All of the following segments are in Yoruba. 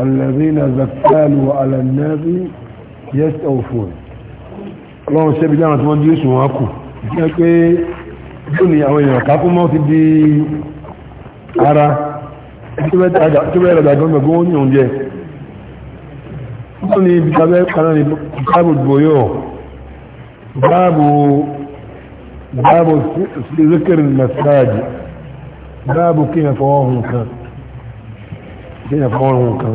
الذين زكالوا على الناس يستوفون ọlọ́run ṣẹ́bi láwọn tí wọ́n jí èṣù wọn kù jẹ́ pé tó ní àwọn èèyàn kákún mọ́ ti di ara tó bẹ́ẹ̀ rẹ̀dà gan gbogbo ní oúnjẹ tó ní ibi tàbí kanáà ní báàbù gbòyò báàbù báàbù sílẹ̀kẹ̀rẹ̀ masáàjì báàbù kí ẹ̀fọ́ ọ̀hún kan ṣe yẹn fọwọ́ wọn kan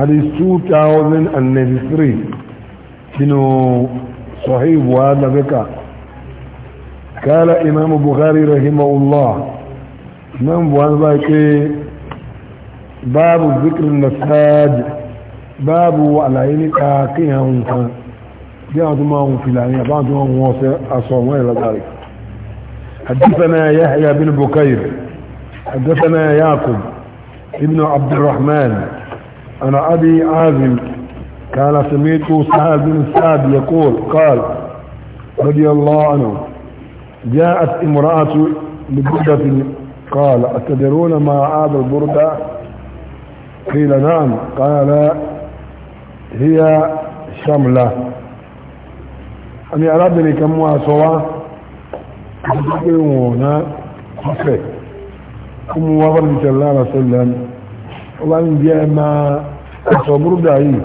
àti 2093 nínú sahih wa nabika قال امام بخاري رحمه الله امام بخاري باب ذكر النساج باب العين كاكيها ونكا جاءت معهم في العين بعضهم واسع أصوم إلى ذلك حدثنا يحيى بن بكير حدثنا يعقوب ابن عبد الرحمن أنا أبي عازم كان سميته سهل بن سعد يقول قال رضي الله عنه جاءت امرأة ببردة قال أتدرون ما عاد البردة قيل نعم قال هي شملة أني أرادني كم واسوا أتدرون هنا kuma wa bar mutum lara sallan wani biya ma a sabar da yi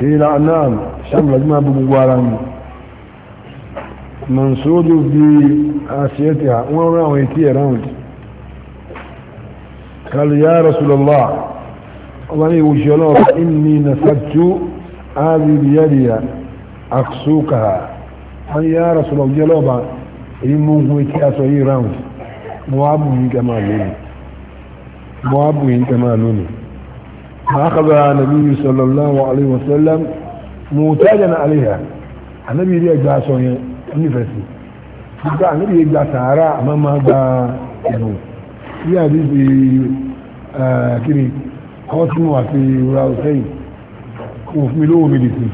ka yi la'anan shan lajima bugu gwara ne mansudu bi a siyata wani rawai tiye rawai قال يا رسول الله ولي وجلوك إني نسبت هذه بيدي أقسوكها قال يا رسول الله جلوبا إمو هو كاسو إيرانس mo wá bù yín kẹmà lónìí mo wá bù yín kẹmà lónìí ma kaba nabi sallallahu alaihi wasallam mutajan alaiha anabi ri ẹgbà aṣọ yẹn onífẹsì gbogbo anabi ri ẹgbà sàárà àmọ́ máa gba ẹ̀rù bí àdìsí kiri kọ́sìmù àti ìwúra ọ̀sẹ́yìn òfin lówó mi dì sí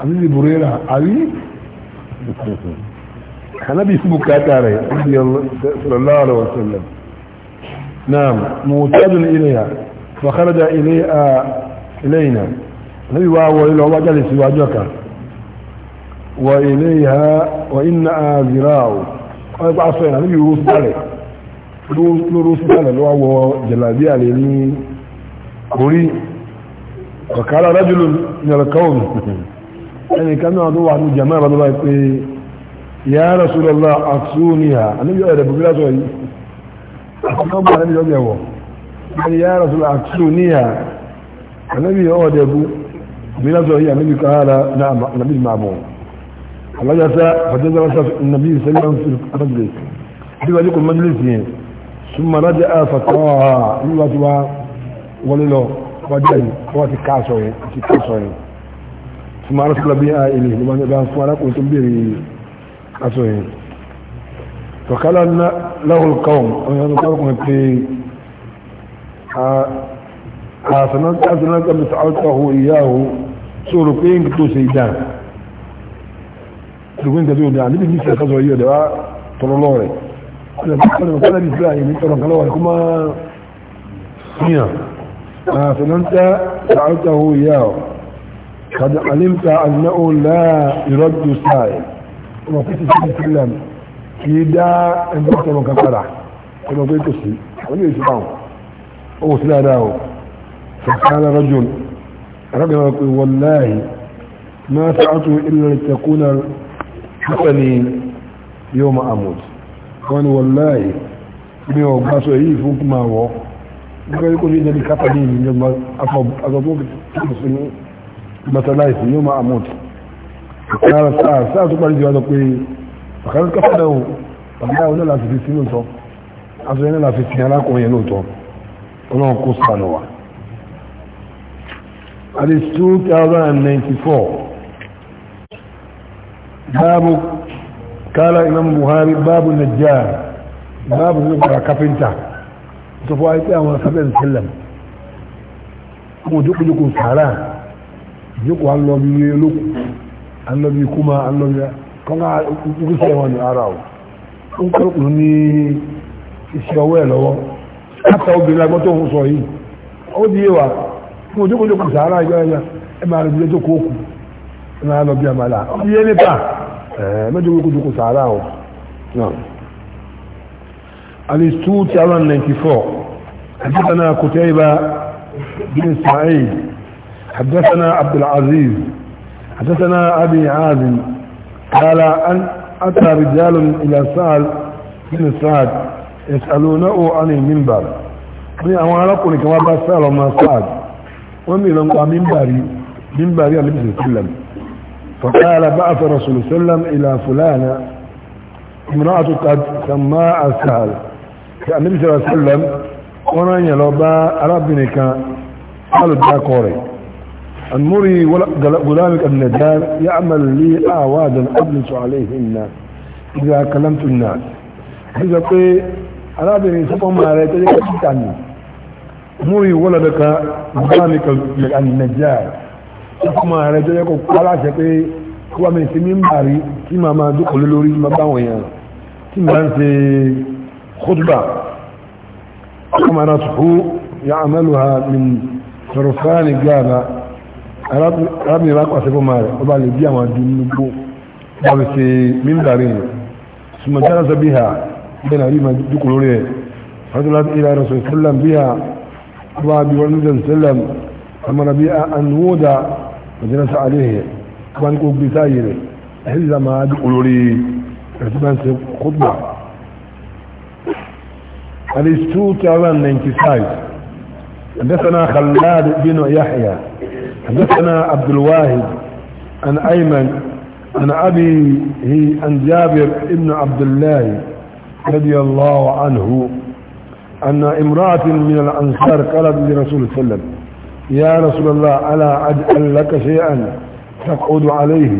àdìsí bùrẹ́rà àrí hanabi su bukata rai sallallahu alaihi wasallam na'am mutajun ilayha fa kharaja ilayha ilayna nabi wa wa ila wa jali si wajoka wa ilayha wa inna azira'u ay ba so nabi rus dare rus dare lo wa jalabi alini kuri wa kala rajulun min al-qawm yani kanu adu wa jamaa badu ba pe ya rasulallah aksuniya anibi ọ̀rẹ́ bukira sọ yìí akọ́gbà anibi ọ̀rẹ́ wọ̀ ẹni ya rasulallah aksuniya anibi ọ̀rẹ́ bukira sọ yìí anibi kára na anabi mamu alajasa fàjẹ́sà wasa nabi sallam fi fàjẹ́ bí wàjú kò sa yẹn summa raja a fatawa ní wàjú wa wọlé lọ wàjú yẹn wọ́n ti káàsọ̀ yẹn ti káàsọ̀ yẹn summa rasulillah bí أسوي فقال له القوم أنا قوم في حسنات حسنات أم سألته إياه سورقين كتو سيدان سورقين كتو سيدان لبي نسي خزو إياه دواء طلولوري أنا بقول لك أنا بإسلامي من طرق الله كما هنا حسنات سألته إياه قد علمت أنه لا يرد سائل wọn fi ti sí ìsìlẹ̀m kì í dá ẹgbẹ́ sọ̀rọ̀ kan padà ẹgbẹ́ pé kò sí àwọn ilé ìṣúná wọn ó wò sí dáadáa o sọ̀kánà rọ́jùn arábìnrin wọn pé wọn láàyè máa sàátù ilẹ̀ ìtẹ̀kùnà hàtàní yóò máa àmùd wọn ni wọn láàyè mi ò gbà sọ èyí fún kí máa wọ nígbà yìí kò ní ìjẹbi kápá ní ìjọba afọ afọ fún kí mọ̀tàláìsì yóò máa àmùd sáà sáà sáà tó parí jù wá sọ pé àkàrà kẹfà náà bàbá òun náà láti fi sí lóòótọ́ aṣọ yẹn náà láti fi alákùnrin yẹn lóòótọ́ ọlọ́run kó sànù wa. àti two thousand and ninety-four báàbù kálá imam buhari báàbù najjar báàbù nípa kápẹ́ntà tó fọ́ àìsí àwọn sábẹ́ ìṣẹ̀lẹ̀ àwọn òjòkòjòkò sàárà ìjókòó alọ́ bí olókùn annabi kuma annabi kọ́nà ìgbésẹ̀ wọn ni ara o ń kọ́lùkùn ní iṣẹ́ ọwọ́ ẹ̀ lọ́wọ́ láta obìnrin agbọ́n tó ń sọ yìí ó di ewa fún ojókòjókò sàárà ìgbẹ́rẹ́yà ẹ máa rẹ̀ tó kó kù ẹ máa lọ bí àmàlà ó di yé nípa ẹ eh, mẹ́jọ ojókòjókò sàárà o alistu ti ara 94 حدثنا قتيبة بن سعيد حدثنا عبد العزيز حدثنا أبي عازم قال أن أتى رجال إلى سعد بن سعد يسألونه عن المنبر من أمالك كما بس سأل ما سعد ومن لنقى منبري منبري النبي صلى الله عليه وسلم فقال بعث الرسول صلى الله عليه وسلم إلى فلانة امرأة قد سماء سهل النبي صلى الله عليه وسلم قرأني لو با أربني كان قال الباقوري أن مري غلامك النجار يعمل لي أعوادا أبلس عليهن إذا كلمت الناس إذا قي أرابني سبهم على تلك الثاني مري ولدك غلامك النجار سبهم على تلك الثاني wa هو من سمين باري bàrí ما ma ma dúkò lé lórí ma bá wọ̀nyàn tí ma ń ṣe khutba kọmọ̀rọ̀ arábìnrin bá pàṣẹ fún ma rẹ̀ ọba lè bí àwọn adúlúgbò bá fi ṣe mímbàrí rẹ̀ ṣùgbọ́n jára sọ bí ha bẹ́ẹ̀ náà rí ma dúkù lórí ẹ̀ fàtúlá ìlà rasul sallam bí ha ọba bí wọn nílẹ̀ sallam amara bí anúwòdà ọjọ́rẹ́ sọ àléhẹ̀ ọba ní kò gbé sáàyè rẹ̀ ẹ̀sì sá ma dúkù lórí ẹ̀sìbánsì kúgbà Alistu 295 Adesana Khalad bin Yahya حدثنا عبد الواحد عن أيمن عن أبي هي عن جابر ابن عبد الله رضي الله عنه أن امرأة من الأنصار قالت لرسول الله عليه وسلم يا رسول الله ألا أجعل لك شيئا تقعد عليه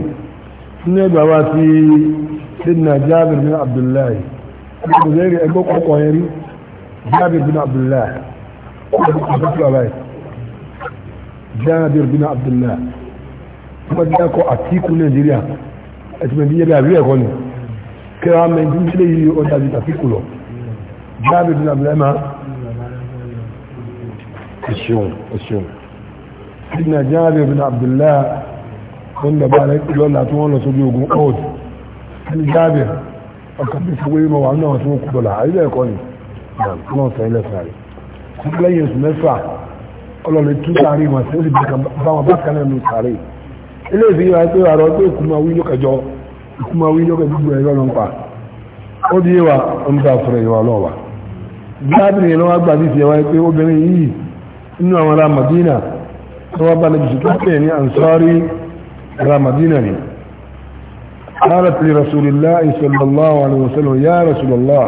نبواتي سيدنا جابر بن عبد الله جابر بن عبد الله jabir bin abdullah kuma da ko atiku nigeria ẹtùmẹ̀ bí yẹbi àríwẹ̀ kọ́ ni kíra mẹ́ntí nílé yìí ọjà àti àtiku lọ jabir bin abdullah ma ẹ̀ṣùn ẹ̀ṣùn sidna jabir bin abdullah wọn bàbá rẹ̀ lọ́la tí wọ́n lọ sójú ogun old ẹni jabir ọkà bí fowó yìí mọ̀ wà náà tí wọ́n kú dọ̀là àríwẹ̀ kọ́ ni náà tí sáré ọlọ́lẹ̀ tún sáré wọn sí ó sì bá wọn bá kan nínú sáré ilé ìfìyà pé àrọ pé ìkùnmọ̀ wí yóò kẹjọ ìkùnmọ̀ wí yóò kẹjọ gbogbo ẹ̀rọ ló ń pa ó di wa ń bá fúnra ìwà ọlọ́wà gbábìnrin yẹn lọ́wọ́ gbà sí wáyé pé obìnrin yìí inú àwọn ará tó wá bá ní jùsù tó pè ní ansari ará ni قالت لرسول الله صلى الله عليه وسلم يا رسول الله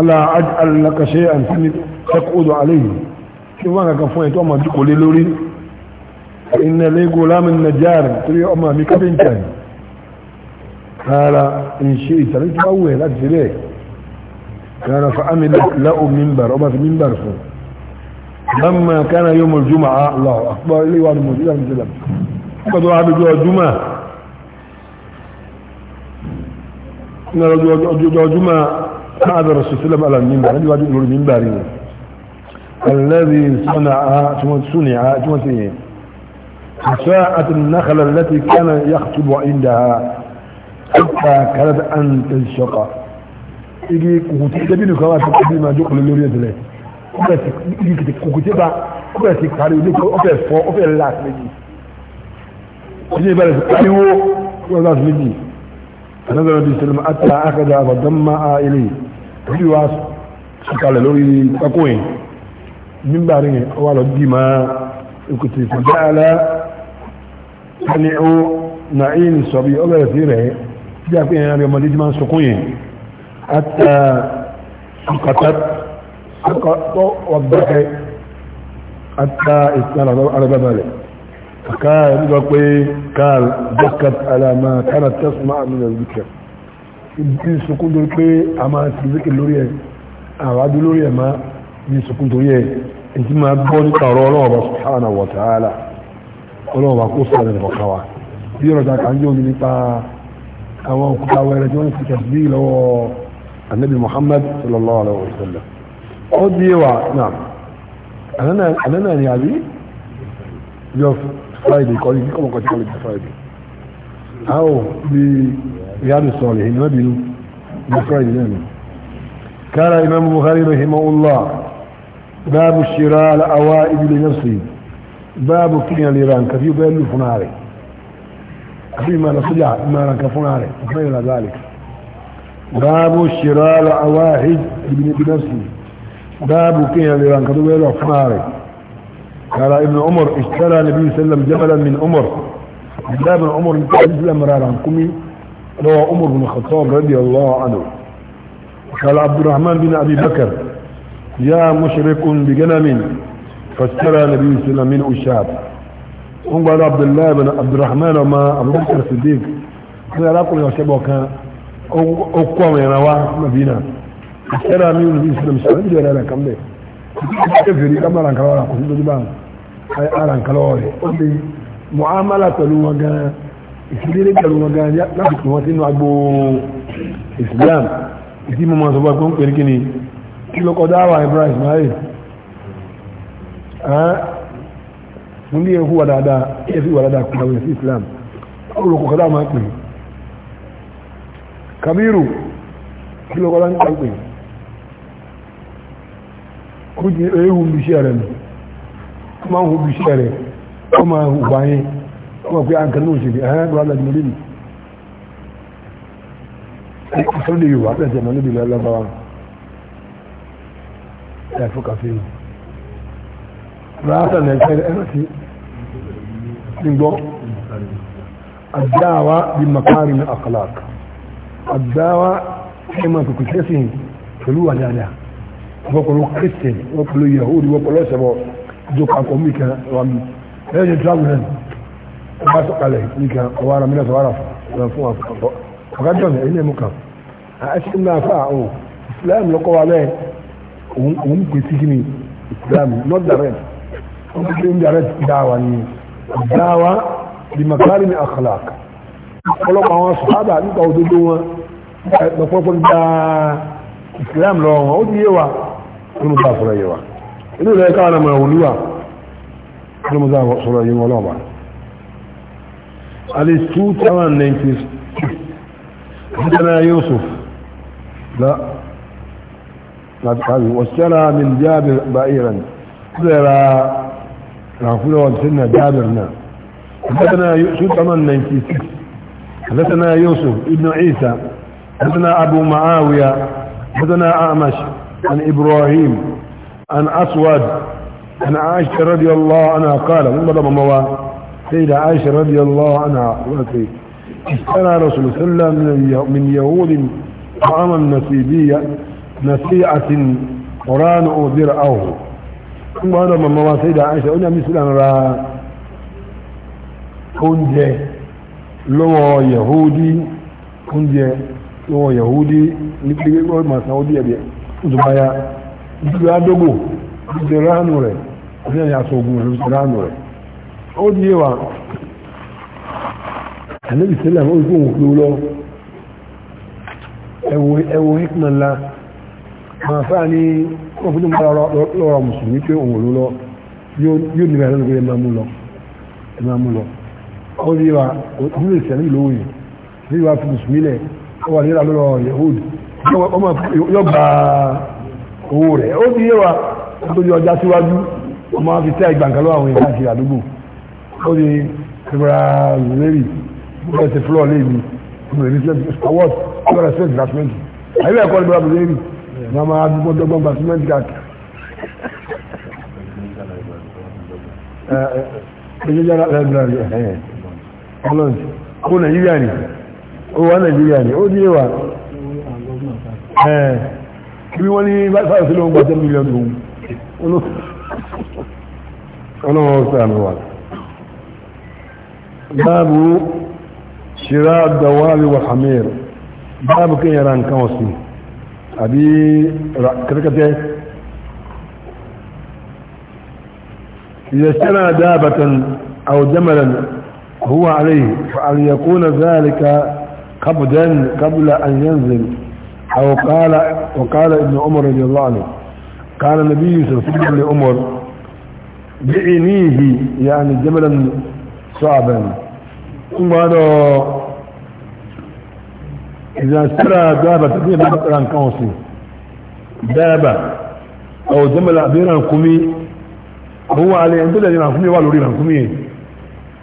ألا أجعل لك شيئا تقعد عليه kí wọ́n kankan fún ẹ̀ tó ọmọ dúkò lé lórí iná lẹ́gọ́ lámìn nàìjíríà torí ọmọ mi kápẹ́ǹtà ni rárá ń ṣe ìsàlẹ̀ tó wáwù ẹ̀ láti sílẹ̀ rárá fa ámì láò mímbàr ọba fi mímbàr fún lọ́mọ kánà yóò mọ̀ jùmọ̀ àlọ́ àpọ̀ ilé wa ni mo sílẹ̀ ní sílẹ̀ pẹ̀lú àdójọ́ jùmọ̀ ní ọjọ́ jùmọ̀ káàdọ̀rọ̀ sọ̀tẹ́lẹ̀ àlọ́ mímbàr الذي صنعها ثم صنع ثم صنع ساعة النخل التي كان يخطب عندها حتى كانت أن تنشق إيجي كوكتبين كما تكتبين ما جوك للورية لي إيجي كوكتبا كوكتب كاري لك أوكي فو أوكي لاس لجي إيجي بارس كاريو ولاس لجي فنظر النبي صلى أتى أخذها فضمها إليه في واس سكال لوري تكوين nígbà rí wà lọ bí ma ìkùtì ìfàdáàlá tani ó na ìyìn sọ̀bí ọbẹ̀rẹ̀ sí rẹ̀ tí a pè ẹ̀rẹ́ ọmọdé tí máa ń sọkún yẹn àtà ọkàtà ọgbẹ̀kẹ́ àtà ìsìnkú alábàbàlẹ̀ فقال يبقى قال بكت على ما كانت تسمع من الذكر bí sukun torí pé a máa ti zikir lórí ẹ̀ àwádú lórí ẹ̀ máa bí sukun torí ẹ̀ èyí máa gbọ́ nípa ọ̀rọ̀ ọlọ́ọ̀bà subhanahu wa ta'ala ọlọ́ọ̀bà kó sọ̀rọ̀ ẹ̀rọ kan wa bí ọ̀rọ̀ ta kàn jóni nípa àwọn òkúta wẹrẹ tí wọ́n ti kẹ̀ sí lọ́wọ́ anabi muhammad sallallahu alaihi wa sallam ó di wa náà ànánà ni àbí yọ friday kọ́ ní kíkọ́ mọ̀kọ́ tí kọ́ friday àwọn bí riyadu sọ̀rọ̀ ìhìnà bínú ní friday náà ni kára imam buhari rahimahullah باب الشراء الأوائد لنفسه باب كنيا ليران كفي بيلو فناري كفي ما نصجع ما رانك فناري غير ذلك باب الشراء الأواحد بنفسه باب كنيا ليران كفي بيلو فناري قال ابن عمر اشترى النبي صلى الله عليه وسلم جبلا من عمر جبلا من عمر مثل رأى كمي روى عمر بن الخطاب رضي الله عنه قال عبد الرحمن بن أبي بكر يا مشرك بجنم فاشترى النبي صلى الله عليه وسلم منه الشاب قال عبد الله بن عبد الرحمن وما ابو بكر الصديق قال راكم يا شباب كان اوكم يا نوا مدينه اشترى منه النبي صلى الله عليه وسلم ولا كم ده كفري كما ران كلام كنت بان اي ران كلام ودي معامله تلو وغا ìfìdílé pẹ̀lú wọn gan láti pè wọn sínú agbo ìsìlám ìdí kí ló kọ dáwà Ibrahim ayé ẹ́ mú ní ẹkú wà dáadáa ẹfí wà dáadáa kú àwọn ẹ̀sí Islam ọ̀rọ̀ kọ̀kọ́ dáwà máa pè Kabiru kí ló kọ́ dáwà máa pè kú jí ewu bí iṣẹ́ rẹ̀ nù ó máa ń hu bí iṣẹ́ rẹ̀ ó máa hù báyé ó máa pé àǹkan náà ṣèlè ẹ̀hẹ́ bọ́lá lẹ́nu lẹ́nu ìṣẹ́lẹ̀ yorùbá lẹ́sẹ̀ mọ́ níbi lẹ́lọ́gbàwá ẹ̀fọ́ kàfé nù ráásà nàìjíríà ẹ̀rọ sí gbígbọ́ àdáwà bí makari ní akhlaq àdáwà ṣe máa kòkò sẹ́sìn pẹ̀lú wà dáadáa wọ́pọ̀lọ́ christian wọ́pọ̀lọ́ yahudi wọ́pọ̀lọ́ ṣẹbọ jókòó akọ̀ mí kan wà mí ẹ̀yẹ́ ni travel náà ọba sọ̀kalẹ̀ mí kan òun pè sí kí ni ìsìlámù not direct wọ́n pè sí indirect dáwà ni dáwà di makari ni akhlaq ọlọ́pàá wọn sọ́hábà nípa òdodo wọn lọ́pọ̀pọ̀ gba ìsìlámù lọ́wọ́ wọn ó ti yé wa nínú bá sọ̀rọ̀ yé inú rẹ̀ káwọn ọmọ ìwọ̀n níwà nínú bá sọ̀rọ̀ yé wọn lọ́wọ́ عليه 2096 حدثنا يوسف لا واشترى من جابر بائرا زرا رافلة وانسلنا جابرنا حدثنا شو تمنى 96 حدثنا يوسف ابن عيسى حدثنا أبو معاوية حدثنا أعمش عن إبراهيم عن أسود عن عائشة رضي الله عنها قال من مضرب موا سيدة عائشة رضي الله عنها قالت اشترى رسول الله من يهود طعاما نسيبيا na قرآن أو درعه ثم أنا من مواسيد عائشة أنا مثل أن رأى onye lọ́wọ́ yahudi oúnjẹ lọ́wọ́ yahudi ní pé ó ma san ó díẹ̀ díẹ̀ ìjọbáyá ìjọba adógò ìjọba ránù rẹ̀ ní ẹ̀yà sọ̀gùn ìjọba ránù rẹ̀ ó di yé wa ànábì sílẹ̀ ó gbóhùn pé àwọn afẹ́ra ní wọ́n fún jùmọ́ lọ́rọ̀ mùsùlùmí pé òun òun lọ yóò níbẹ̀ lọ́nà pé ẹ máa mú lọ ẹ máa mú lọ ó ní wa òun lè sẹ́ni lówó yìí ní wa fi mùsùlùmí lẹ̀ ó wà nílà lọ́rọ̀ yahood yọ gba owó rẹ̀ ó ní wa ó tó ọjà síwájú ó fi tẹ́ ìgbàǹkan lọ́wọ́ àwọn èèyàn àdúgbò ó ní lórí bẹ́ẹ̀ ti fúlọ̀ lé wọ́n máa dúpọ́ dọ́gbọ́n gba símẹ́ntì káàkiri. ẹ̀ẹ́dẹ́gbẹ́ láìbírárì ẹ̀ ọlọ́dì kó nàìjíríà ni ó wà nàìjíríà ni ó díẹ̀ wà ẹ̀ẹ́ bí wọ́n ní fáwọn sílẹ̀ ń gba ten million òun ọlọ́wọ́ sàánù wà báàbù ṣìrá àdáwà àríwá hamir báàbù kí yẹra nǹkan ọ̀sìn ابي اذا kẹ́tẹ́kẹ́tẹ́ دابة او جملا هو عليه فأن يكون ذلك قبدا قبل أن ينزل أو قال وقال ابن عمر رضي الله عنه قال النبي صلى الله عليه وسلم لعمر بعنيه يعني جملا صعبا ثم هذا إذا اشترى دابة تبيع بقرة كونسي دابة أو جمل بيرا كومي هو عليه أنت الذي نحكمي والوري نحكمي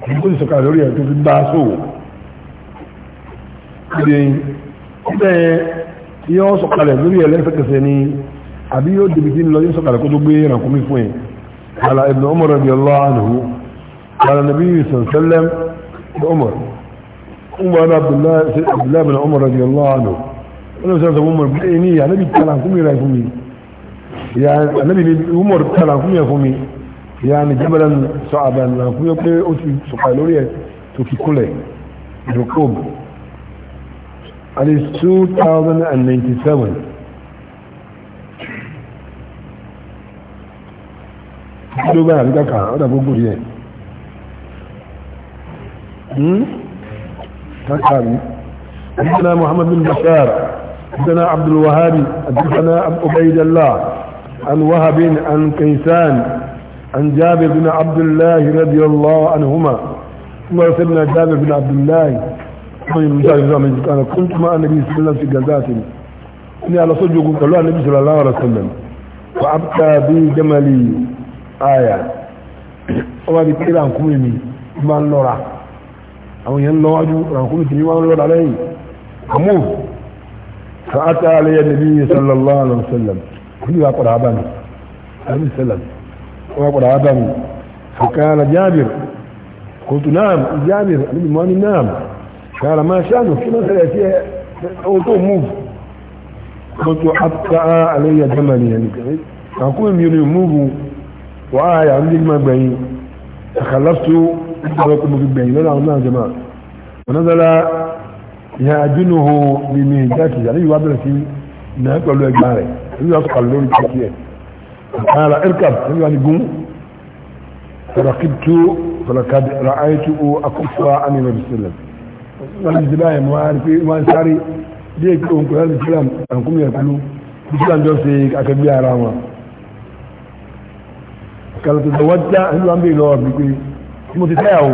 يقول سكا لوري أنت باسو إذن إذا yóò sọ̀kalẹ̀ lórí ẹlẹ́fẹ̀kẹsẹ̀ ni àbí yóò dìbìtì lọ yóò sọ̀kalẹ̀ kó tó gbé ìrànkúmí fún ẹ̀ ala ibn umar radiyallahu anhu ala nabi sallallahu alaihi wasallam umar umar abdullahi bin umar radiyallahu anhu wani musamman sabon umar bude ni ya nabi tala kuma ya fumi ya nabi ne umar tala kuma ya fumi ya ni jabalan sa'aban na kuma ya kwe otu su kalori ya tuki kule jokob ali 2097 Gbogbo àríkàkà, ọ̀dà gbogbo yẹn. Hmm? الحكم حدثنا محمد بن بشار حدثنا عبد الوهاب حدثنا ابو عبيد الله عن وهب عن كيسان عن جابر بن عبد الله رضي الله عنهما ثم سيدنا جابر بن عبد الله أنا كنت مع النبي صلى الله عليه وسلم في جزات إني على صدق قالوا النبي صلى الله عليه وسلم وأبقى بي جملي آية وما بكيرا كميني ما نرى àwọn èèyàn ń lọ wájú ràǹkúmí kìíní wọn lọ́dà lẹ́yìn àmú fàátà àlẹ́yẹ nàbí sallallahu alaihi wa sallam kúlù wà padà bá mi àbí sallam wà padà bá mi fàkàlà jábìr kòtù náà jábìr àbí mọ́ni náà kàlà máa ṣáàdù kí máa ṣẹlẹ̀ sí ẹ ó tó mú kòtù àtà àlẹ́yẹ jamani yẹn nìkan ràǹkúmí mi ò ní mú bu wàá yà ń dín má gbẹ̀yìn àkàlàftó ìgbàgbọ́ mo fi gbẹ̀yìn lọ́nà àwọn náà jẹmọ́ ọ̀nàdọ́lá ìhà àjúnúhù ní mi jáde àlejò wa bẹ̀rẹ̀ sí náà pẹ̀lú ẹgbà rẹ̀ nígbà tó kàlù lórí kìkì ẹ̀ ààrà irkab nígbà ní gún farakibtu farakad ra'aitu o akufa ani rabi sallam wọn ti bá yẹn wọn pe wọn sáré díẹ̀ kí òun kò láti sílám àǹkúmi ẹ̀ jọ tí mo ti fẹ́ àwọn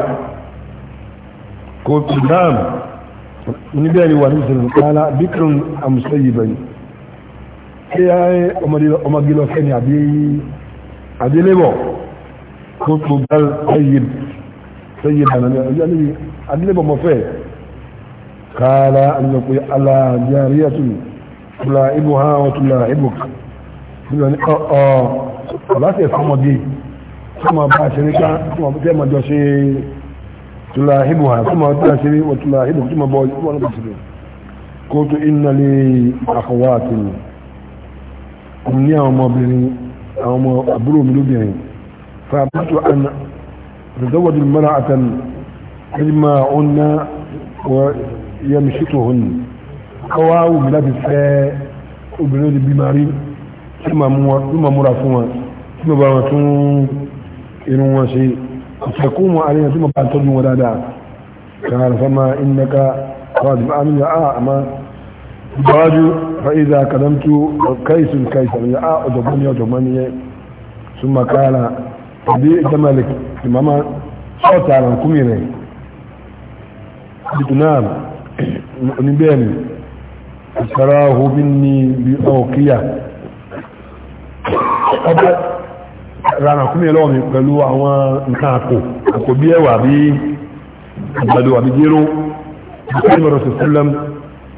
kò tí dáàmù oníbẹ̀ẹ́ni wà ní ìṣẹ̀lẹ̀ kọ́lá bíkìrún àmùsẹ́ yìí bẹ̀yìn ṣé ọmọdé lọ fẹ́ ni àdélébọ̀ kó tó bá ẹyẹ sẹ́yẹ bànà ní ọjọ́ níbi àdélébọ̀ mọ̀ fẹ́ kọ́lá àdélébọ̀ aláàjáríyà tún tùlà ibù hàn tùlà ibù kọ́ ọ̀lá kuma ba shi rika kuma ba sai ma joshe tulahibu ha kuma ta shiri wa tulahibu kuma ba wani ba shiri ko to inna li akhawatin kun ni àwọn ọmọbìnrin àwọn ọmọ àbúrò mi lóbìnrin fa bàtú an tazawwaju mar'atan ilma unna wa yamshituhun kawawu mi láti fẹ́ obìnrin di bimari tí ma múra fún wa tí ma bá wọn tún irun wọn ṣe ìtẹ̀kùnmọ̀ àríyàn tó mọ̀ bá tọ́jú wọn dáadáa kan alfama innaka kawajin amina ah, a amma báwájú fa'iza kadamtu kaisun kaisun ya a ah, ọjọ̀gbọ́n ya ọjọ̀gbọ́n ni yẹ sun makala tabi ita malik imama sọ́ọ̀tà alankumi rẹ̀ bitunan onibẹ́ni asarahu minni bi ọkíyà ọba rárá kúmí ẹlọ́wọ́ mi pẹ̀lú àwọn nǹkan àpò àpò bí ẹwà bí àgbàdo àbí jéró àti ìmọ̀ràn sọ̀sọ́lẹ́m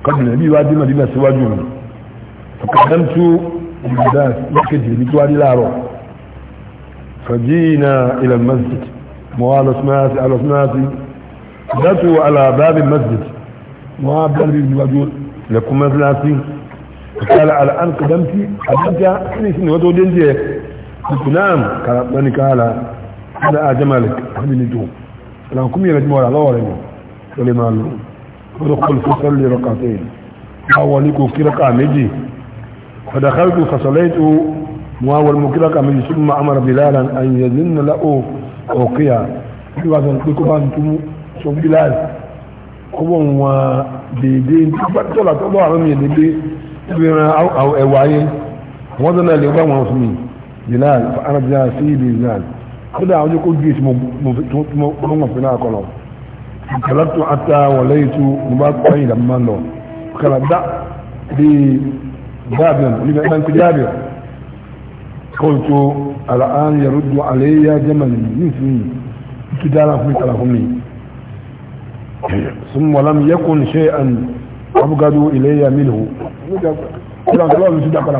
kọ́dù nàbí wá dé màdínà síwájú mi ọ̀kadàm tó ìgbàdá lọ́kẹ́jì ní tíwájú láàárọ̀ fàjìnà ilẹ̀ masjid mọ́ alọ́sùmáàtì alọ́sùmáàtì dátò alàbábì masjid mọ́ abẹ́rẹ́ níwájú lẹ́kùn masjid kọ́dà alàǹkàdàm tí àbájá kí ìsinmi wọ́n tó dé ń قلت نعم قال قال هذا أجملك أهل النجوم لو كم يرجم ولا الله ولم ولما له ودخل فصلي ركعتين أولك في ركعة مجي فدخلت فصليت وهو المكرك من ثم أمر بلالا أن يزن له أوقيا في وزن كيكو أنتم شوف بلال kọ́bọ̀n wa dèédé tọ́lá tọ́lá àwọn ènìyàn dèédé ẹ̀wà yẹn wọ́n dáná lè bá wọn fún mi bilal fa'ana bilal sí bilal kódà àwọn ojú kó gé tí mo mọ̀ fi náà kọlọ̀ kàlọ́tù ata wọlé tu mo bá pẹ́yìn ìdàmú máa ń lọ kàlà dá bí jábìrì nígbà ẹgbẹ́ ń pè jábìrì kóòtù àlàáhàn yẹrù dùn àléyà jẹ́mọ̀lì nísìnyí tí dára fún mi kàlà fún mi ثم لم يكن شيئا أبغض إلي منه كلا كلا من سيدة كلا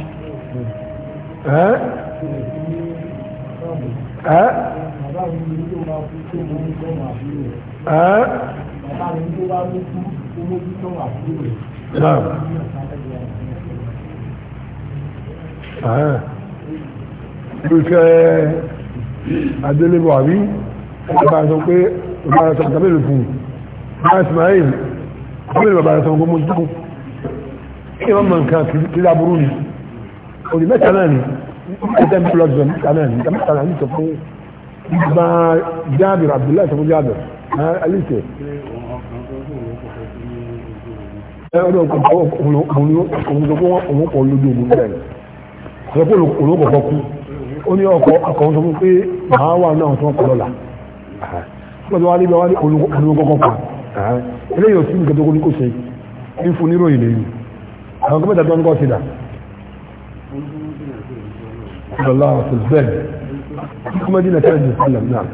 ẹ́ Adélébọ̀ àrí, ọba àṣọ pé ọba àṣọ àtàbílù fún ọba Ismail, ọmọ ìlú bàbá àṣọ ọgbọ́n Kí wọ́n mọ̀ nǹkan kìí láburú ni òdì mẹ́ta náà ni ẹ̀tẹ́m plọ́jọ mẹ́ta náà ni mẹ́ta náà ni sọ fún ìgbà jábìrì abdullahi sọ fún jábìrì alice ẹ̀rọ òun kò lójú ogun bẹ́ẹ̀ sọ pé òun kò kọ́ kú ó ní ọkọ̀ akọ̀wọ́n sọ fún pé màá wà náà tó kọ̀ lọ́la lọ́dọ̀ wá níbi wá ní olówó kọ́kọ́ pa eléyìí ò sí nǹkan tó kó ní kò ṣe ń fún níròyìn lẹ́yìn àwọn kọ́mẹ́ta tó ń kọ́ sí dà صلى الله عليه وسلم مدينة كان يسلم نعم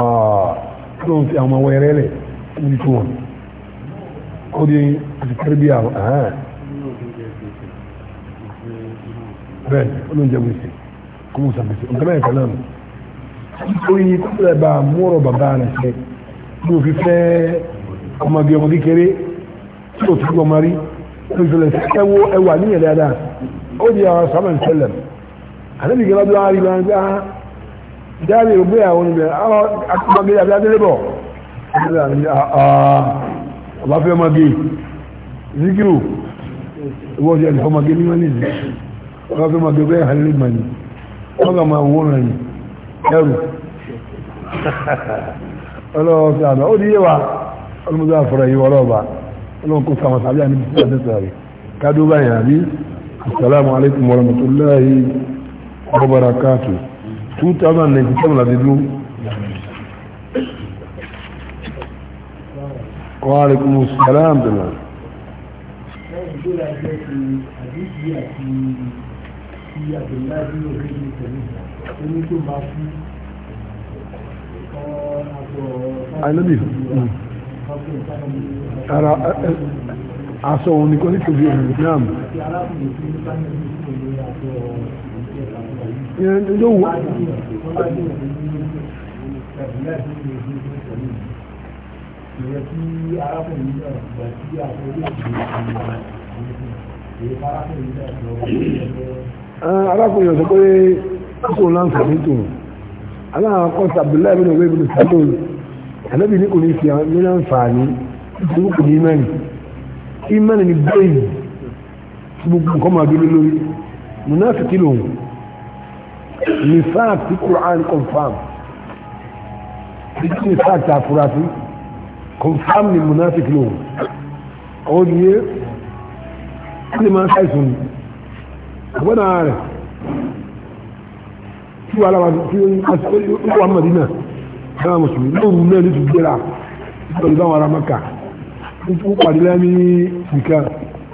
آه كلهم في أما ويريلي ونتون كودي التربية آه بل كلهم جابوسي كلهم سبسي وكما يكلام oyin tẹ́lẹ̀ bá múrọ̀ bàbá rẹ̀ ṣe ní òfin fẹ́ ọmọdé ọmọdé kéré tí ò tún ọmọ rí ìṣẹ̀lẹ̀ ẹwọ ẹwà níyẹn dáadáa ó di ọlọ́mọdé ọlọ́run kò sàwọn sàbí àní bí sílẹ̀ tẹ́sà rẹ̀ kádó báyìí àbí assalamu alaikum warahmatullahi wabarakatuh 2097 láti dúró wa alaikum salam dùnà Àìlébì ara aso òun ni kò ní kòbí ẹ̀rọ náà mú. ìyẹn ló wù ìyẹn tí arákùnrin náà gbà sí àkọọ́lẹ̀ arákùnrin ọ̀sẹ̀ pé kókò láǹfààní tòun aláàkọ́ sàbílẹ̀ ìbínú ìwé ìbínú ànábì ní kò ní fi àwọn mílíọ̀nù fàání ìdúró kò ní ìmánì ìmánì ní bẹ́ẹ̀ni gbogbo nǹkan máa dúró lórí munafiki lòun ní sáà tí Quran confam ní sáà tí àfúrásì confam ní munafiki lòun ọwọ́ ni yé kí ni máa ṣàìsùn ọgbọ́n náà rẹ̀ tí wàhálà wà ní wàhálà Madina náà mùsùlùmí lóòrù náà ní tún gbéra nítorí báwọn ará maka nítorí pàdé lámì nìkan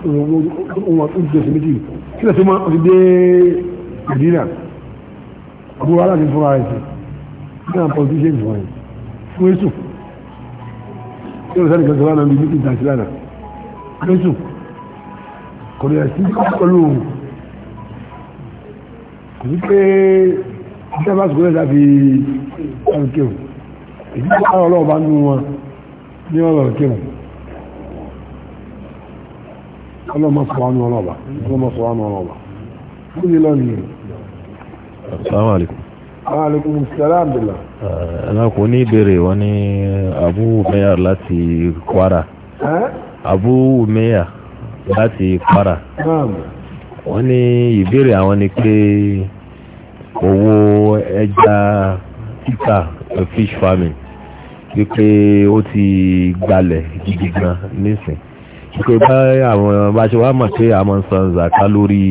ohun àtúntò méjì kí lè tó máa ti dé Medina àbúrò aláàbí fúnra rẹ̀ sí náà politician fún ẹ̀ fún èso tí ó sáré kankan lánàá bí ní ìdá sí lánàá fún èso kò lè sí pẹ̀lú kò sí pé ìjọba sùkúrẹ́ sáfi àrùkẹ́wò èyí tó kára ọlọ́wọ́ bá nú wọn ní ọlọ́rọ̀ kí wọn ọlọ́mọ sọ wánú ọlọ́ọ̀bà ọlọ́mọ sọ wánú ọlọ́ọ̀bà ó ní lọ nìyẹn. assalamu alaikum. alaikum salam bila. ẹnìkan ní ìbéèrè wọn ní abu umeya láti kwara wọ́n ní ìbéèrè àwọn ni pé owó ẹja títà fish farming wípé ó ti gbalẹ̀ gidi gan nísìn wípé bá àwọn bá ṣe wá mọ̀ pé àmọ́ san zaka lórí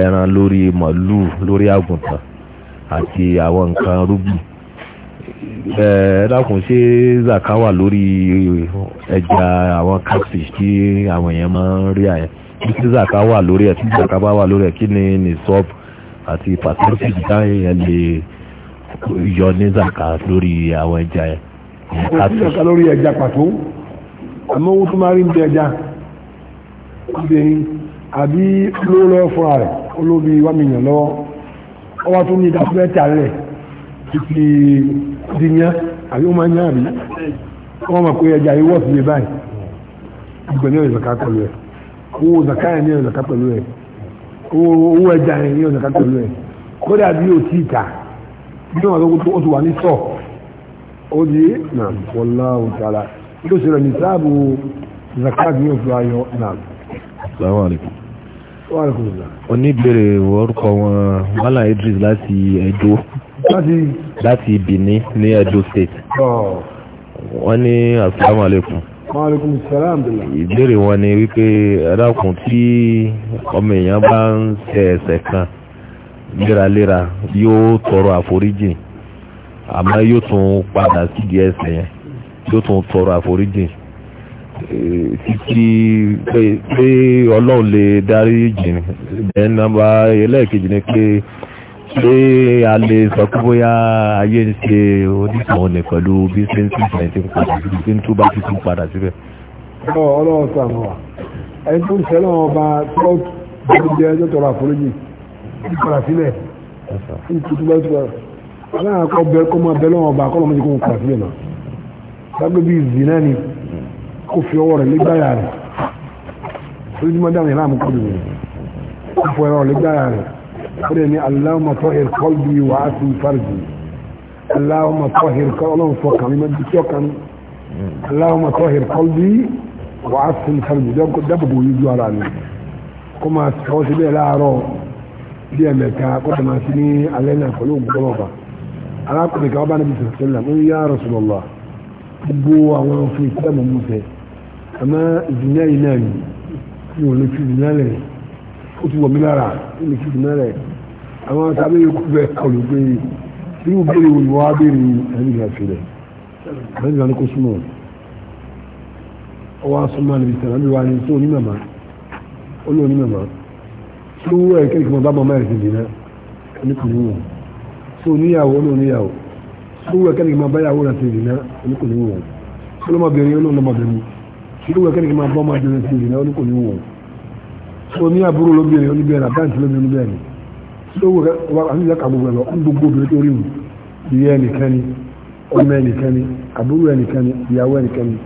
ẹran lórí màlúù lórí àgùntàn àti àwọn nǹkan rúgbìn ẹ dákun ṣé zaka wà lórí ẹja àwọn catfish tí àwọn èèyàn máa ń rí àyẹn tí zaka wà lórí ẹ tí zaka bá wà lórí ẹ kí ni ní sub àti percentage táyẹn lè yọ ní zaka lórí àwọn ẹja yẹn kò sí ọ̀kan lórí ẹja pàtó àmọ́ owó tó máa rí ń bẹ ẹja obìnrin àbí olówó lọ́wọ́ fúnra rẹ̀ olóbi wà mí yàn lọ́wọ́ ọwọ́ tó ní ìdásílẹ̀tà rẹ̀ títí di yán àbí ó máa yán àbí wọ́n mọ̀ pé ẹja yìí wọ́ọ̀sì lè báyìí ìgbẹ̀ ní ọ̀zọ̀ká pẹ̀lú ẹ̀ owó ọ̀zọ̀ká yẹn ní ọ̀zọ̀ká pẹ̀lú ẹ̀ owó ẹja yẹn ní ọ̀zọ̀ká pẹ̀lú ẹ̀ kódà bí ó ti ìta bí wọ́n tó wà ní sọ́ọ̀ ó di náà wallahu ta'ala ló ṣe rẹ̀ ní sáàbù zakat ní òfin ayọ̀ náà. assalamu alaikum. wa alaikum salaam. oníbèrè orúkọ wọn wàhálà Idris láti Edo láti Benin ní Edo state wọ́n ní assalamu alaikum ìbéèrè wọn ni wípé ẹ̀dàkùn tí ọmọ èèyàn bá ń ṣe ẹ̀ṣẹ̀ kan léraléra yóò tọrọ àforíjì àmọ́ yóò tún padà sídi ẹsẹ̀ yẹn yóò tún tọrọ àforíjì títí pé ọlọ́run lè dárí jìn ẹ̀ nàmbà ẹlẹ́ẹ̀kejì ni pé pé a lè sọ pé bóyá ayé ń ṣe oníṣòwò ní pẹ̀lú bí ṣe ń tún ṣàyẹ̀ tí ń padà síbi tí ń túbá títún padà síbẹ̀. ọlọ́run sàmù wa ẹni tó ń ṣẹlẹ̀ ọba tó jẹ́ ẹjọ́ tọrọ àforíjì ń padà sílẹ̀ ń túbá túbá aláàkọ́ bẹ kọ́ máa bẹ lọ́wọ́ ọba kọ́ lọ́mọ jẹ́ kó ń kà sílẹ̀ náà lágbé bíi zina ni kó fi ọwọ́ rẹ̀ lẹ́gbàáyà rẹ̀ oríṣiríṣi dáhùn yẹn láàmú kọ́ lóore kó fọ ẹ̀rọ lẹ́gbàáyà rẹ̀ ó dẹ̀ ní Allahumma tahhir qalbi wa àti farji Allahumma tahhir ọlọ́run fọ kàmí mọ́ bí tíọ́ kan Allahumma tahhir dábòbò yìí ju ara ni kó máa sọ ọ́ síbẹ̀ láàárọ̀ bí ẹ̀mẹ̀ta kó tẹ̀ máa sí ní alẹ́ náà pẹ̀lú ògbọ́n arákùnrin kan bá níbi sọ̀tẹ́lá ń yá Rasulullah gbogbo àwọn òfin ìtẹ́ mọ̀ múfẹ́ àmọ́ ìdùnnà yìí náà yìí mi ò lè fi ìdùnnà rẹ̀ ó ti wọ̀ mí lára ó lè fi ìdùnnà rẹ̀ àwọn tàbí ikú bẹ́ẹ̀ kọlù pé bí ó béèrè wò ni wọ́n á béèrè ẹni ìgbà fìlẹ̀ ẹni ìgbà ní kó súnmọ́ ọwọ́ asọ́mọ́ níbi sọ̀rọ̀ níbi wa ni tó onímọ̀mọ́ ó lé onímọ̀mọ́ tó ẹ̀kẹ́ tó níyàwó ló níyàwó gbogbo ẹ̀kẹ́ ni kì máa báyàwó rẹ̀ ti ìrìnà oníkò ní wọ̀n ọlọ́mọbìnrin olóńlọ́mọbìnrin gbogbo ẹ̀kẹ́ ni kì máa bá ọmọbìnrin ti ìrìnà oníkò ní wọ̀n tó ní àbúrò lóbìnrin oníbẹ̀rẹ̀ àbáǹtì lóbìnrin oníbẹ̀rẹ̀ gbogbo obìnrin tó rí mu ìyá ẹnìkan ni ọmọ ẹnìkan ni àbúrò ẹnìkan ni ìyàwó ẹnìkan ni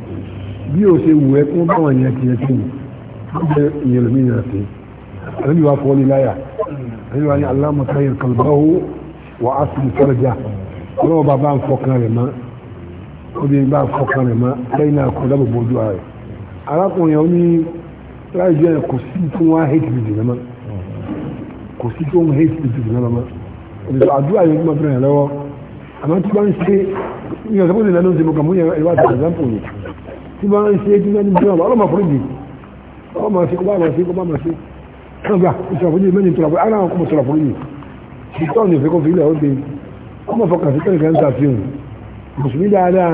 bí o ṣe wù ẹ kí wọ́n báwọn yẹn ti yẹ kí ni wọ́n jẹ́ ìyẹn lómìnira sí i àbẹ́bí wa fọ́ ní láyà àbẹ́bí wa ní aláàmọ̀ sáyẹn kàlùbáwò وعصب فرجه ولو بابان فوقنا لما ودي بابان فوقنا لما لينا كلام بوجوه هاي arákùnrin yẹn ó ní láìjẹ́ kò sí tí wọ́n á hate me jùlọ mọ́ kò sí tí wọ́n hate me jùlọ mọ́ òdìsọ àdúrà yẹn tó máa fẹ́ràn yẹn lọ́wọ́ àmọ́ tí wọ́n ń ṣe ní ọ̀sẹ̀ bóde lẹ́nu ìṣẹ́bù kàmú yẹn ìwà àti example yìí tí wọ́n ń ṣe tí wọ́n ń bí wọn ọlọ́mọ fún ìdí ọlọ́mọ ṣùgbọ́n ní òfin ilẹ̀ ó dé ọmọ fọkàn sí tẹ́lẹ̀ kan ṣàfihàn mùsùlùmí dáadáa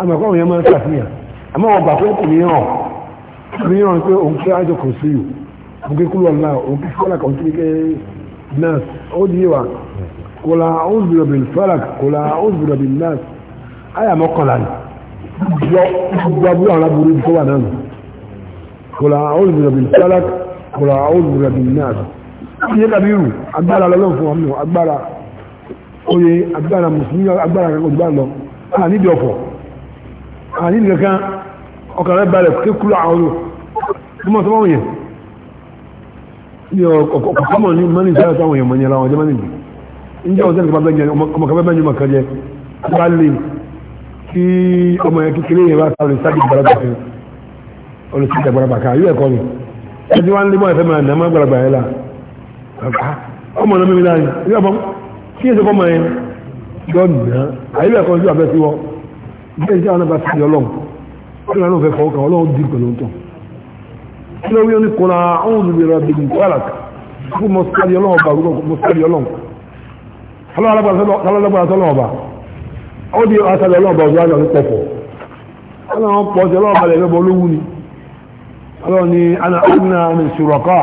àmọ̀kọ́ òun yẹn máa ń ṣàfihàn àmọ́ wọn gbà pé kò ní hàn ní hàn pé òun fẹ́ àjọ kò sí yù òun kí kúrò ọ̀la òun kí fọ́lá kan sí kẹ́ náà ó di wa kò la ó ń bìrọ̀ bìrọ̀ fọ́lá kò la ó ń bìrọ̀ bìrọ̀ náà àyà mọ́kànlá ni yọ gbogbo abúlé àwọn aburú ibi tó wà náà nù kò la ó oye kabiru agbára lọ́lọ́run fún ọmọ agbára oye agbára musulmi agbára ọgbà lọ a níbi ọ̀fọ̀ a níbi kankan ọkàn rẹ̀ balẹ̀ kékúrò àwọn ọmọ tó wọ́n yẹn ní ọkọ̀kọ̀mọ̀ ní mọ́ni sára táwọn èèyàn mọ́nyẹ́ra wọn jẹ́mọ́ni bì ń jẹ́ ọ̀sẹ̀ nípa bẹ́ẹ̀ ọmọ kan bẹ́ẹ̀ ọmọ kan jẹ́ bá lè kí ọmọ yẹn kékeré yẹn bá sá olè sáàdì gbàràgbà kan olè sáàdì gbàràgbà kan yóò ẹ̀kọ́ ni ẹni wá ń lé mọ́ ẹ̀fẹ́ mọ́ ẹ̀ ọmọ ọ̀nà mímí láàrin ilé ọmọ kí èsì kọ́ mọ̀ ẹ́ jọ́nà àìlú ẹ̀kọ́ ojú àfẹ́ sí wọ́ bẹ́ẹ̀ sí àwọn àbáṣe ọlọ́run ọlọ́run náà fẹ́ fọwọ́ kan ọlọ́run dín pẹ̀lú ọ̀tọ̀ kí ló wí ó ní kóra àwọn olùbẹ̀rẹ̀ ọ̀bẹ̀gùn kọ́làk fún mọ́sálì ọlọ́run ọba mọ́sálì ọlọ́run alágbára sọ́lọ́ ọba ó di asàlẹ̀ ọlọ́run ọba ọ̀dọ́ àjọ ní pọ̀pọ̀ ọlọ́run pọ̀ sí ọlọ́run ọba lẹ́gbẹ̀ẹ́ olówú ni ọlọ́run ni ana ọ̀nà mi ṣùrọ̀kọ́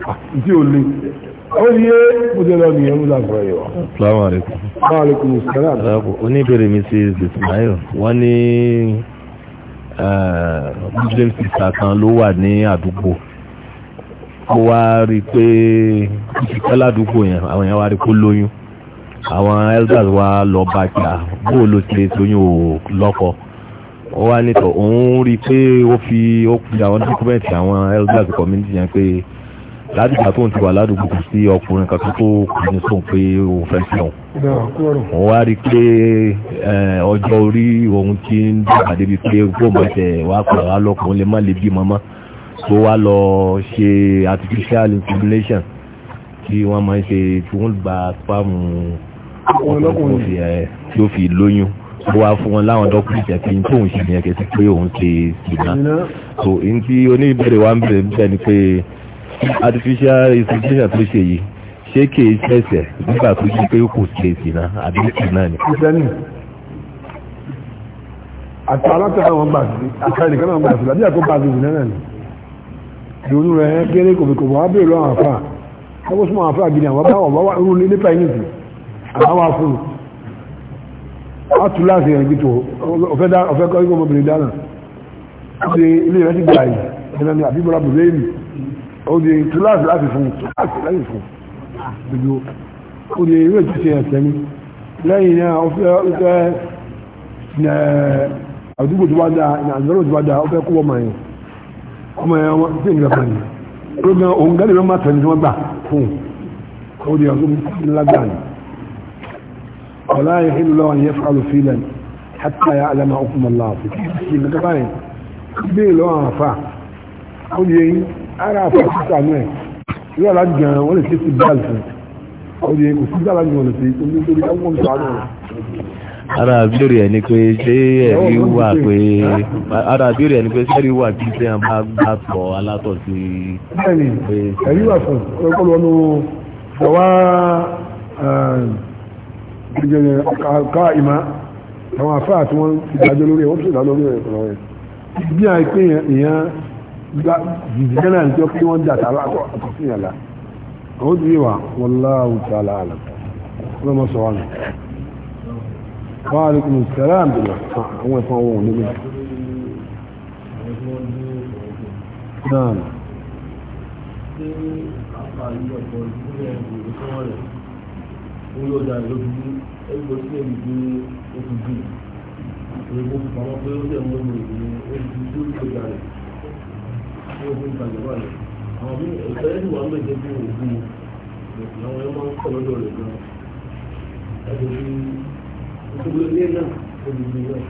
ìdí ah, ò lè ó ní yé bóde lọ nìyẹn mú làbúrò salamu alaykum. wa alaykum salaam. oníbèrè mi sí ismail wọ́n ní muslim sista kan ló wà ní àdúgbò ó wá rí i pé ìṣìkẹ́ ládùúgbò yẹn àwọn yẹn wá rí i kó lóyún àwọn elders wá lọ bá jà bóò ló ṣe lóyún ò lọ́kọ̀ọ́ ó wá nítọ̀ òun rí i pé ó fi ó fi àwọn dọ́kúmẹ́ǹtì àwọn elders community yẹn pé ládùúgbà tó ń ti wà ládùúgbò kò sí ọkùnrin kan tó kù ní sóun pé òun fẹ́ sí òun. òun wá rí i pé ọjọ́ orí òun ti ń dàgbà débi pé fóun bá wá pẹ̀lú wá lọ́kùnrin lè má lè bí mọ́mọ́ tó wá lọ ṣe artificial insemination tí wọ́n máa ń ṣe tí wọ́n gba spáàmù ọkùnrin tí ó fi lóyún ó wá fún wọn láwọn dọ́kítà kí n tóun ṣe yẹn kẹsí pé òun ṣe ṣìnà so n tí oníbẹ̀rẹ̀ wa ń bẹ̀rẹ̀ níbẹ̀ ni pé artificial insemination tó ṣe yìí ṣé kìí ṣẹ̀ṣẹ̀ nígbà tó jí pé kò ṣe ìsìnà àbí ìsìnà ni. ìsẹ́ni àti alátẹ̀lẹ́ wọn gbà sí àkàrẹ̀ nìkan náà gbà sí lábí àkókò àti ìsìnà náà ni ìrònú rẹ̀ kéré kòmìkòmò wá bèèrè lọ́wọ́ àfà ọgbọ́n súnmọ́ àfà gidi àwọn bá wọ́n wá irú nípa ẹ̀yìn sí àwọn afúnù á tún láti ẹ̀yìn gbìtò ọ̀fẹ́ kọ́ ikú ọmọbìnrin dáná ṣe ilé rẹ̀ ti gbà yìí òde tùláàsì láti fún tùláàsì láti fún gbogbo òde ìwé ìtúsẹ̀ ẹ̀sẹ̀ mi lẹ́yìn náà ó fẹ́ ó fẹ́ àdúgbò tó bá dáa ní àdúgbò tó bá dáa ó fẹ́ kó ọmọ yẹn ọmọ yẹn wọn tí èmi lọ́pàá yẹn program òun gẹ́lẹ́ ló máa tẹ̀lé tí wọ́n gbà fún ó di ọdún lágbàá ni ọ̀la yẹn ara àfẹ́sítà náà ní aláàjì gan wọ́n lè ṣe ti báàlì fún ọdún yẹn kò sí báàlì wọn lè ṣe nítorí àwọn ìṣàánú rẹ̀. ara àbílẹ̀ ẹ̀ ni pé ṣé ẹ̀rí wà pé ara àbílẹ̀ ẹ̀ ni pé ṣẹ́rí wà bí ṣé àbá gbà tọ̀ alátọ̀ sí. bẹ́ẹ̀ni ẹ̀rí wà fún ọkọ lọnà ṣọwá ká ìmá àwọn àfáà tí wọ́n ti dájọ́ lórí ẹ̀ wọ́n ti dájọ́ lórí ẹ̀ bí i àìpé èèyàn jìjìgánà tí ó kí wọ́n jà tààrà àkọsíyàn lá àwọn tí wà wallahu ta'ala alam wọ́n mọ́ sọ wà nù wọ́n alaikum salam àbìlà àwọn ẹ̀fọn wọn ò nílé náà Oyọ́dá ìlọ́dúdú, ẹgbẹ́ sí ẹ̀mí bí ó ti bí. Èèkó fi pamọ́ pé ó ní ogun gbàgbọ́ rẹ̀ àwọn bí ìfẹ́ sì wà méje bí ogun àwọn ẹ̀ máa ń pọ̀ lọ́dọ̀ rẹ̀ gan ẹ̀jẹ̀ bí ìṣòro ilé náà olùgbé náà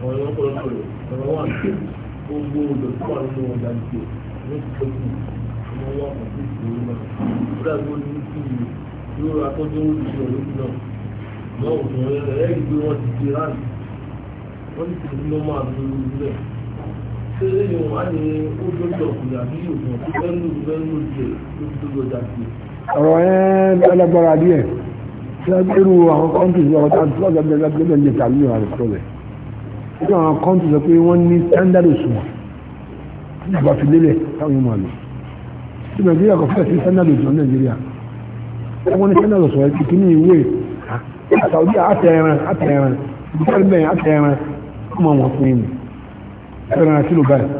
àwọn ẹ̀ máa ń pọ̀ lọ́dọ̀ rẹ̀ ọ̀rọ̀ wà gbogbo ọ̀dọ̀ tó wà nínú ọ̀dà ìgbè ní ìtọ́jú àwọn wà pọ̀ sí ìṣòro náà ó dàgbò ní kí yóò ra tọ́jú olùṣọ́ lójú náà náà òṣùwọ̀n ẹ̀rẹ́ ìgbé wọn ti di ráàlì wọ́n ti tẹ̀lé lọ́mọ àbúrò ìlú rẹ̀ ṣé lẹ́yìn wọn á ní ó lójú ọkùnrin àbí òògùn tó fẹ́ lù fẹ́ lù díẹ̀ tó fi lójú ọjà sí. ọ̀rọ̀ yẹn lágbára díẹ̀ tí wọ́n gbèrú àwọn kọ́ńtù sí ọ̀tá tí wọ́n gbàgbé gbàgbé ní ìta ní ọ̀rọ̀ tó rẹ̀ nínú àwọn kọ́ńtù sọ pé wọ́n ní standard òṣùwọ̀n ìjọba fi lélẹ̀ táwọn yóò máa lò sí nàìjíríà kò fẹ́ sí standard òṣùwọ̀n nàìjíríà wọ́n ní standard òṣùwọ̀n ìkíní ìwé àtàwọn àtẹ̀ẹ̀rẹ̀ àtẹ̀ẹ̀rẹ̀ ìgbẹ́rẹ̀ bẹ́ẹ̀ àtẹ̀ẹ̀rẹ̀ ọmọ wọn fún yìí ẹran kílò báyìí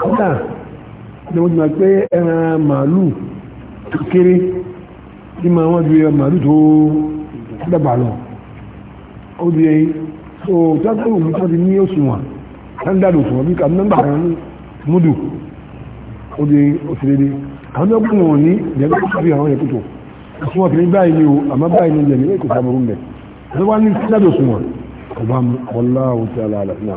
kódà ni wọ́n ti máa pé ẹran màálù tó kéré ní máa wọ́n ju ẹran màálù tó dàgbà lọ ó di ẹyin so tọ́tọ́ òun tó ti ní òṣùwọ̀n standard òṣùwọ̀n bí kàmú nọ́mbà kan múdù ó di òṣèré àwọn tó kún wọn ní ìjẹ́gbẹ́ tó fi àwọn ẹ̀kútò òṣùwọ̀n kìíní báyìí ni o àmọ́ báyìí ni ìjẹ̀mí èkó sábà rúmbẹ̀ wọ́n wá ní standard òṣùwọ̀n ọba ọlá òṣèlú àlàáfíà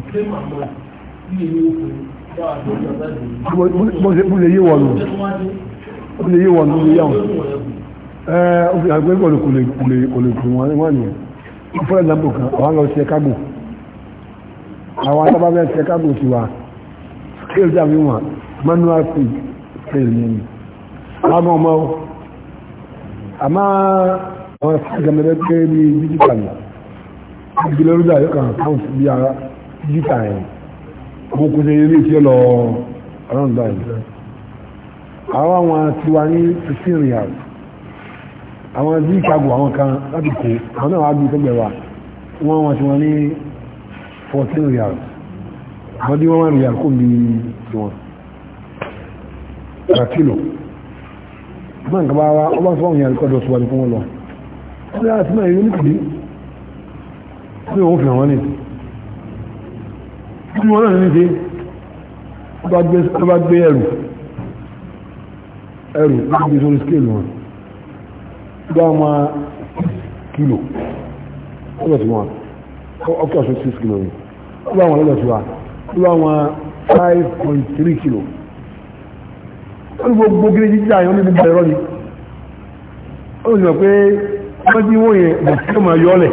mo lè yé wọ̀lú mo lè yé wọ̀lú lè yàwó ẹ́ o fi àgbẹ̀ kò lè kò lè kò lè kò wọ́n wọ́n ni fún ẹ̀dàmbò kan àwọn lọ sí ẹ̀kágò àwọn alábàbẹ̀ sí ẹ̀kágò ti wà scale dàbí wọn manual pig scale ní ẹni àwọn ọmọ àmá àwọn ẹ̀fẹ́ gẹ̀mẹ̀rẹ̀ pé ní digital ìgbìlẹ̀ orílẹ̀-èdè àyọkàn account bí ara títà yẹn mo kò ṣe eré tí ó lọ around that yìí àwọn àwọn ti wá ní fifteen real àwọn tí ìkàgò àwọn kan láti kó àwọn náà wá bí sẹ́gbẹ̀ wa wọ́n wọ́n ti wọ́n ní fourteen real àwọn tí wọ́n wá real kò ní ti wọn ràkìlò máa ń kaba wa ó bá sọ àwọn yàrá kọ́dọ̀ sọ wà ní fún wọn lọ wọ́n yára ti máa yẹ ní ah, kìdí pé fi hàn wọ́n nìyí kí wọ́n náà ní ṣe wọ́n bá gbé ẹrù ẹrù níbi sórí scale wọn gbá wọn kìlò lọ́dọ̀ tí wọn ọkọ̀ ọ̀ṣọ́ 6 kìlò yìí gbá wọn lọ́dọ̀ tí wọn gbá wọn 5.3 kìlò wọ́n gbogbo gírí jíjá àyàn ní gbogbo ẹ̀rọ ni ó sì mọ̀ pé wọ́n tí wọ́n yẹn bọ̀ sí ọmọ yọ́lẹ̀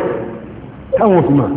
táwọn fi máa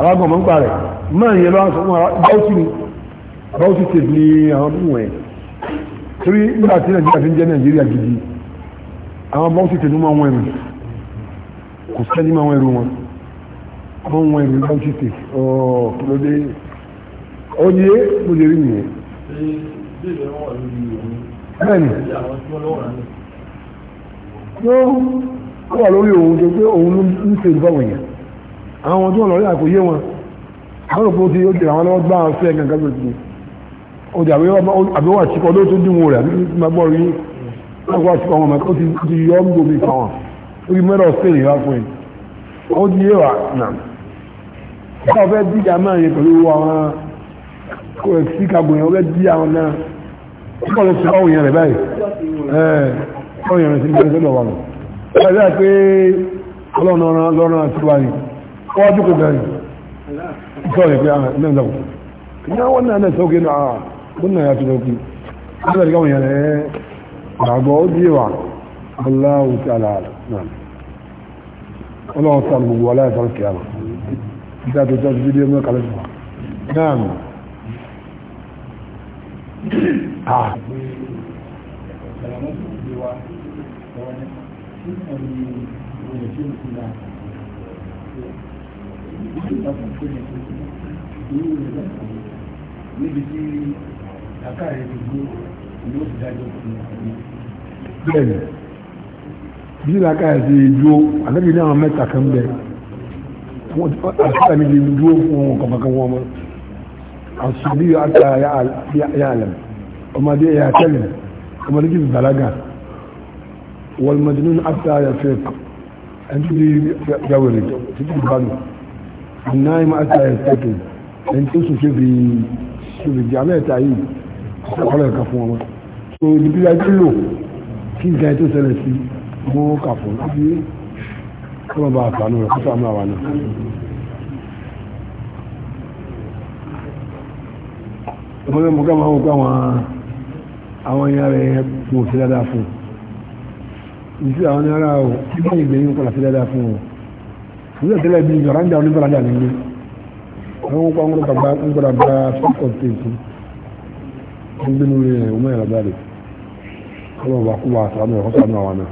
alágbọ̀n mọ́ ń parẹ̀ máa yẹ lọ́wọ́ sọ fún báwọ́sí ni báwọ́sí tè ní àwọn tó wọ̀nyẹn torí nígbà tí nàìjíríà fi ń jẹ́ nàìjíríà gidi àwọn báwọ́sí tè ní máa wọ́n ẹ̀rù kò sẹ́ni máa wọ́n ẹ̀rù wọn wọ́n wọ́n ẹ̀rù báwọ́sí tè ọ̀ọ́ kìlódé ó ní é mo lè rí nìyẹn. bẹ́ẹ̀ni yóò wà lórí òun tó pé òun ló ń ṣe ìbáwọ̀ yẹn àwọn ọdún ọ̀lọ́rí àkó yé wọn àwọn òpó ti ó dìrà wọn lọ́wọ́ gbá àwọn fẹ́ gangan gbogbo ó dì àbíwá àti ọdún tó dùn wọn rẹ̀ àbí ma gbọ́ rí lọ́wọ́ àti ọmọ mẹ́kọ́ ti yọ ọ́ ń gbòmí kan wọn ó rí mẹ́rọ̀ sí ìyá fún yìí ó di yé wa nà ká fẹ́ dí ìjà máa yẹ pẹ̀lú àwọn kò sí kagbọ̀n yẹn ó fẹ́ dí àwọn náà ó kọ́ lọ sí ọ̀hún yẹn rẹ̀ báyìí ọ̀hún yẹn rẹ̀ sí ìgbẹ́ kowa duk gari kawai kai ana nan zaku ina wannan nan sauke na a wannan ya ci sauki ana da gawon yanayi ba ga ojewa Allah wuce ala'ala nan Allah wasu albubu wala ya sarki yana ita ta ta bidiyo mai kalashi ba nan ah Thank ah, you níbi tí kàkà rẹ̀ ti gbó ni ó fi dájọ́ fún mi. bẹ́ẹ̀ni bí kàkà rẹ̀ ti dúró àlẹ́bí ní àwọn mẹ́ta kan bẹ àṣìṣe mi ti dúró fún wọn kankan wọn mọ́ àṣìṣe yóò àtà yà àlẹ́ ọmọdé yà tẹ́lẹ̀ ọmọdé ti bàlágà wọ́n mọ̀tínú àtà yà fẹ́ẹ̀kì ẹni tó ti yà wẹ̀rẹ̀ títí النائم أتى يستكن أن تسو شبي شبي جامعة تعيد أقول لك أفوما so níbi ajé lò kí n kàn tó ṣẹlẹ̀ sí mọ́ kàfọ́ láti kọ́ bá àfààní rẹ̀ kọ́sà máa wà náà. ọmọdé mọ̀ká máa wọ́n kọ́ àwọn àwọn ẹ̀yà rẹ̀ mọ̀ sí dáadáa fún un. ìṣe àwọn ará ò kí wọ́n ìgbẹ̀yìn kọ́ là sí dáadáa fún un nígbà tẹ́lẹ̀ bí ìjọ̀ránjà oníbàrájà nílé àwọn ọkọ̀ ń gbọ́dọ̀ bá ń gbọ́dọ̀ bá fúnkọ̀ tèèkì ń gbínú rẹ̀ ọmọ ìrà jáde ọlọ́ bá kú bá sàánú ẹ̀kọ́ sàánú àwọn náà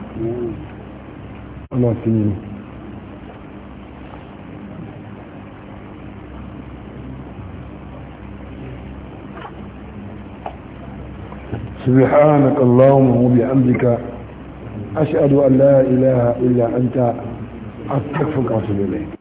ọlọ́ ti yìí سبحانك اللهم وبحمدك أشهد أن لا إله إلا أنت 我绝不告诉妹妹。